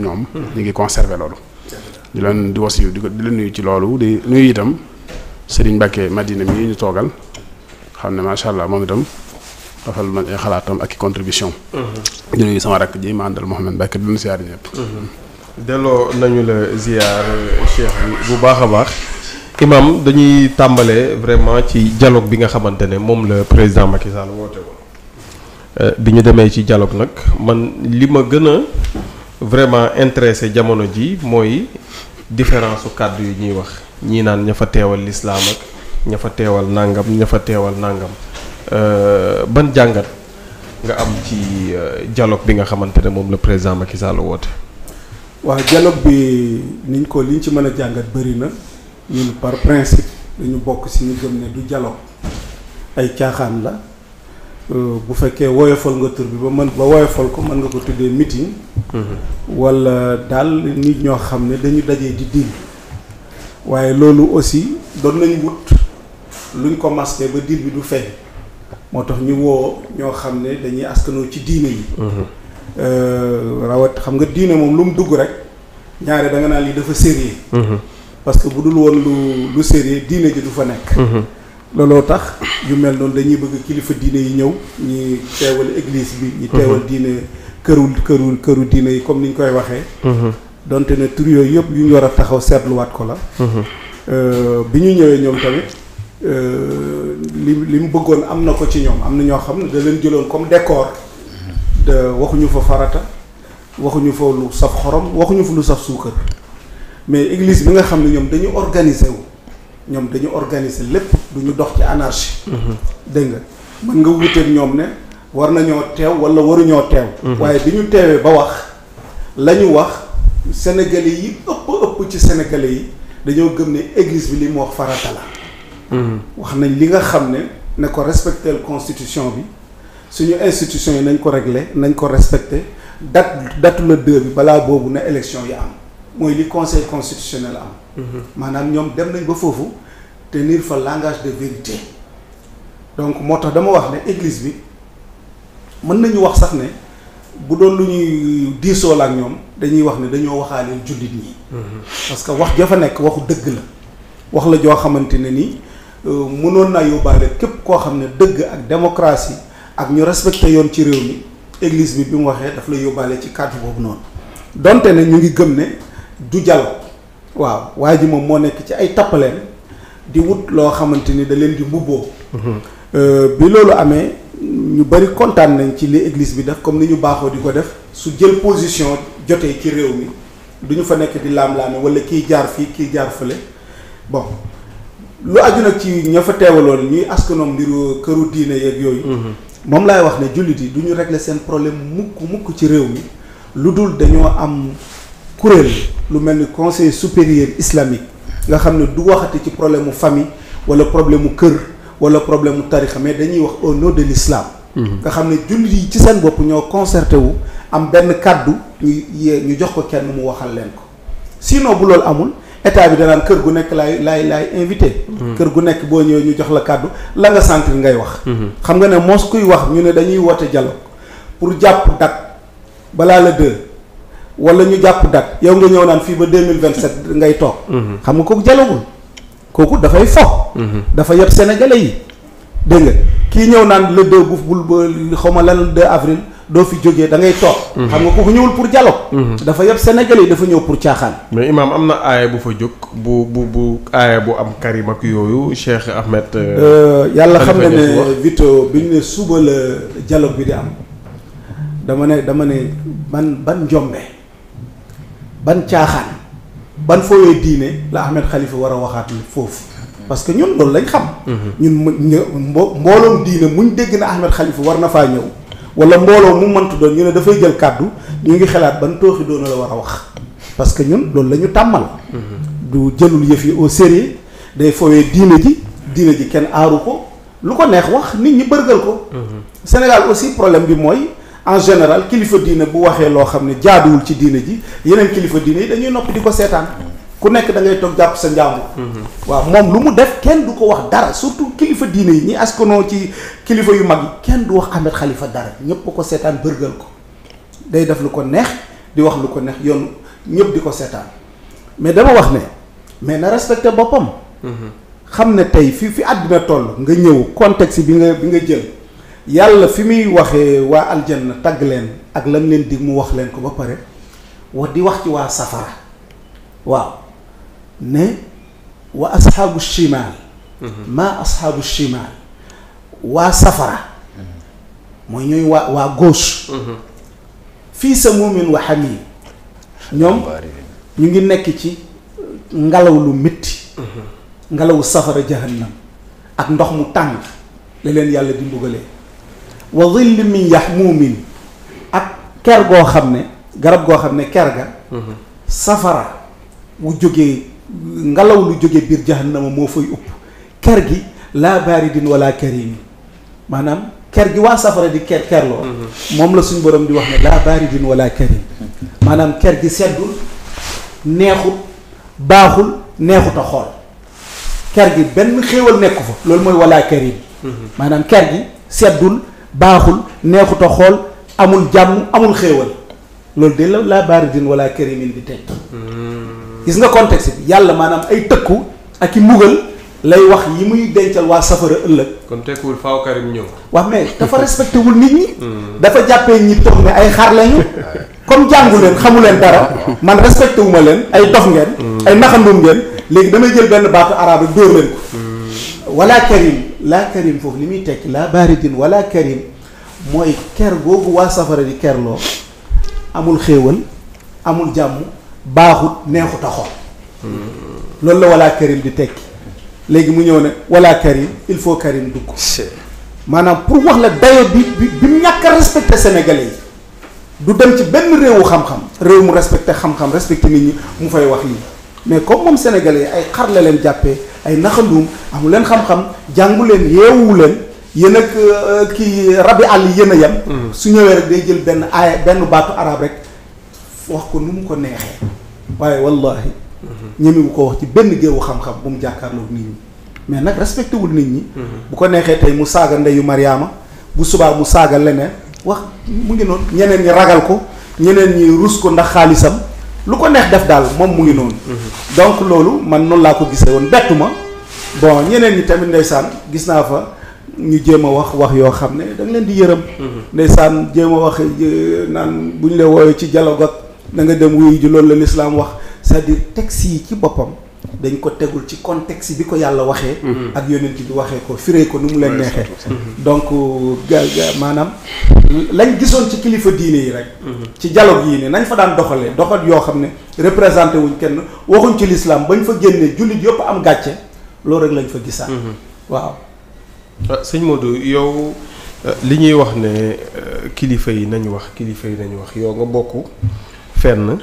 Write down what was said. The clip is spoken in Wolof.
du ñoom. ñu ngi conservé loolu. di leen di wasiyu di ko di leen nuyu ci loolu di nuyu itam Serigne Mbacke Madina mii ñu toogal xam ne macha allah moom itam dafal man ay xalaatam ak i contribution mhm. di nuyu sama rakk ji ma àndal Mouhamed Mbacke di leen ziar ñëpp. Mhm. delloo nañu la ziar cheikh bu baax a baax. imam dañuy tàmbalee vraiment ci dialogue bi nga xamante ne moom la président Macky Sall woote woon euh, bi ñu demee ci dialogue nag man li ma gën a vraiment intéressé jamono ji mooy différence su kàddu yi ñuy wax ñii naan ña fa teewal lislaam ak ña fa teewal nàngam ña fa teewal nàngam euh, ban jàngat nga am ci euh, dialogue bi nga xamante ne moom la président Macky Sall woote. waaw dialogue bi niñ ko liñ ci mën a jàngat bëri na ñun par principe dañu bokk si ñu gëm ne du dialogue ay caaxaan la. Euh, bu fekkee woyofal nga tur bi ba mën ba woyofal ko mën nga ko tuddee meeting. Mhm. wala daal nit ñoo xam ne dañu dajee di diil waaye loolu aussi doon nañ wut luñ ko masqué ba diil bi du fey moo tax ñu woo ñoo xam ne dañuy askanoo ci diine yi. Mhm. Euh, rawat xam nga diine moom lu mu dugg rek ñaare danga nga naan lii dafa sérieux. Mhm. parce que bu dul woon lu lu diine ji du fa nekk. looloo tax yu mel noonu dañuy bëgg kilifa diine yi ñëw ñi teewal église bi ñi teewal mhm. diine këru këru këru diine yi comme ni ñu koy waxee mhm. donte ne tur yooyu yëpp yu ñu war a taxaw seetluwaat ko la mhm. euh, bi ñu ñëwee ñoom tamit euh, li li mu bëggoon am na ko ci ñoom am na ñoo xam ne da leen jëloon comme décor de waxuñu fa farata waxuñu fa lu saf xorom waxuñu fa lu saf suukar mais église bi nga xam ne ñoom dañu organiser wu ñoom dañu organiser lépp du ñu dox ci anarchie. Mhm. dégg nga mën nga wuuteeg ñoom ne war nañoo teew wala waruñoo teew. Mhm. waaye bi ñu teewee ba wax la ñu wax sénégalais yi ëpp ëpp ci sénégalais yi dañoo gëm ne église bi li mu wax farata la. Mhm. wax nañ li nga xam ne ne ko respecter constitution bi suñu institution yi nañ ko régler nañ ko respecter date date le deux bi balaa boobu na élection yi am. mooy li conseil constitutionnel am. Mhm. maanaam ñoom dem nañ ba foofu te tenir fa langage de vérité. donc moo tax dama wax ne église bi mën nañu wax sax ne bu doon lu ñuy diisoo ak ñoom dañuy wax ne dañoo waxaaleel jullit ñi. Mhm. parce que wax ja nekk waxu dëgg la. wax la joo xamante ne ni euh, mënoon naa yóbbaale képp koo xam ne dëgg ak démocratie ak ñu respecté yoon ci réew mi église bi bi mu waxee daf la yóbbaale ci cadre boobu noonu. donte ne ñu ngi gëm ne du dialogue waaw waa ji moom moo nekk ci ay tappaleen di wut loo xamante ni da leen di mbubboo mhm. euh, bi loolu amee ñu bari kontaan nañ ci li église bi def comme ni ñu baaxoo di ko def su jël position jotee ci réew mi du ñu fa nekk di laam-laame wala kii jaar fii kii jaar fële bon lu aju nag ci ña fa teewaloon ñuy askanoom mbiru këru diine yeeg yooyu mhm. moom laay wax ne jullit yi du ñu regle seen problème mukk mukk ci réew mi lu dul dañoo am kuréel lu mel ni conseil supérieur islamique nga xam ne du waxati ci problème mu famille wala problème mu kër wala problème mu tarixa mais dañuy wax au nom de l'islam mhm. nga xam ne jullit yi ci seen bopp ñoo concerté wu am benn kàddu ñu ñu jox ko kenn mu waxal leen ko sinon bu loolu amul état bi danaan kër gu nekk laay laay laay invité mhm. kër gu nekk boo ñëwee ñu jox la kàddu la nga sentir ngay wax mhm. xam nga ne moos kuy wax ñu ne dañuy woote dialogue pour jàpp dak balaa la deux wala ñu jàpp date yow nga ñëw naan fii ba deux mille vingt sept ngay toog. Mhm. xam nga kooku jalagul kooku dafay fo. Mhm. dafa yeb sénégalais yi dégg nga kii ñëw naan le deux bul ba xaw ma lan deux doo fi jógee da ngay toog. Mhm. xam nga kooku ñëwul pour dialogue. dafa yeb sénégalais yi dafa ñëw pour caaxaan. mais imaam am na aaya bu fa jóg bu bu bu aaya bu am Karim ak yooyu Cheikh Ahmed. Euh, euh, yàlla xam nga ne Vito bi ñu ne suba la dialogue bi di am dama ne dama ne ban ban njombe. ban caaxaan ban fooyee diine la Ahmed xalifa war a waxaat yi foofu parce que ñun loolu lañ xam ñun mbo mbooloom diine muñ dégg na Ahmed Khalifa war na faa ñëw wala mbooloo mu mëntu doon ñu ne dafay jël kàddu ñu ngi xalaat ban tooxi doona la war a wax parce que ñun loolu la ñu tàmmal du jëlul yëf yi au sérieux day fooyee diine ji diine ji kenn aaru ko lu ko neex wax nit ñi bërgal ko mhm. Sénégal aussi problème bi mooy en général kilifa diine bu waxee loo xam ne jaaduwul ci diine ji yeneen kilifa diine yi dañuy noppi di ko seetaan ku nekk da ngay toog jàpp sa njàmbur mm-hmm. waaw moom lu mu def kenn du ko wax dara surtout kilifa diine yi ñi askanoo ci kilifa yu mag kenn du wax Ahmed Khalifa dara ñëpp ko seetaan bërgal ko day def lu ko neex di wax lu ko neex yoon ñëpp di ko seetaan mais dama wax ne mais na respecté boppam mm-hmm. xam ne tey fi fi àddina toll nga ñëw contexte bi nga bi nga jël yàlla fi muy waxee waa aljanna tagg leen ak lan leen dig mu wax leen ko ba pare wax di wax ci waa safara waaw ne wa asxaabu shimaal mhm. maa asxaabu shimaal waa safara mooy ñooy waa waa gauche mhm. fii samuumin wa hamiim ñoom ñu ngi nekk ci ngelaw lu métti mhm. ngelawu safara jahannam ak ndox mu tàng la leen yàlla di mbugalee wa dhillin min yahmuumin ak ker goo xam ne garab goo xam ne ker ga mhm. safara wu jóge ngelaw lu jóge biir jahannama moo fay upp ker gi laa baaridin wala karim maanaam ker gi waa safara di ker kerloo mhm. moom la suñ borom di wax ne laa baaridin wala maanaam ker gi seddul neexut baaxul neexut xool ker gi benn xéewal nekku fa loolu mooy wala karim mhm. maanaam ker gi seddul baaxul neexut a xool amul jàmm amul xéewal loolu de la laa baaridin wala karimin bi tekki hmm. gis nga contexte bi yàlla maanaam ay tëkku ak i mbugal lay wax yi muy dencal waa safara ëllëg. kon tekkiwul faaw Karim wax mais dafa respecté wul nit ñi. Hmm. dafa jàppee ñi toog ne ay xar lañu. comme jàngu leen xamu leen dara. man respecté wu leen ay dof ngeen. Hmm. ay naxandum ngeen. léegi damay jël benn baatu arabe dóor leen ko. wala Karim. laa karim foofu li muy tekki laa baaridin wala karim mooy ker googu waa safara di kerloo amul xéewal amul jàmm baaxut neexut a xol hmm. loolu la wala karim di tekki léegi mu ñëw ne wala karim il faut karim dugg maanaam pour wax la dayo bi bi bi ñàkk a respecté sénégalais yi du dem ci benn réewu xam-xam réew mu respecté xam-xam respecté nit ñi mu fay wax lii mais comme moom sénégalais ay xar la leen jàppee ay naxanduum amu leen xam-xam jàngu leen yeewu leen yéen ak euh, kii rabi àll yi yéen a yem. Mm-hmm. su ñëwee rek day jël benn aaya benn baatu arab rek wax ko nu mu ko neexee waaye wallahi mm-hmm. ñemewu ko wax ci benn géewu xam-xam bu mu jàkkaarloog nit ñi mais nag respecté wul nit ñi. Mm-hmm. bu ko neexee tey mu saaga ndeyu Mariama bu subaa mu saaga leneen wax mu ngi noonu ñeneen ñi ragal ko ñeneen ñi ruus ko ndax xaalisam. lu ko neex def daal moom mu ngi noonu. donc loolu man noonu laa ko gisee woon bettu ma bon ñeneen ñi tamit saan gis naa fa ñu jéem a wax wax yoo xam ne da leen di yërëm. Mm-hmm. ndeysaan jéem a wax naan bu ñu la woowee ci dialogue da nga dem wuyu ji loolu la lislaam wax cest di dire texte yi ci boppam. dañ ko tegul ci contexte bi ko yàlla waxee. Mhm. ak yonent bi waxee ko firee ko nu mu leen neexee. Mhm. donc ga maanaam lañ gisoon ci kilifa diine yi rek. Mhm. ci dialogue yii ne nañ fa daan doxalee doxal yoo xam ne représenté wuñ kenn waxuñ ci lislaam bañ fa génnee jullit yëpp am gàcce loolu rek lañ fa gisaat. waaw. Ah, sëñ Modou yow euh, li ñuy wax ne euh, kilifa yi nañu wax kilifa yi nañu wax yow nga bokk fenn.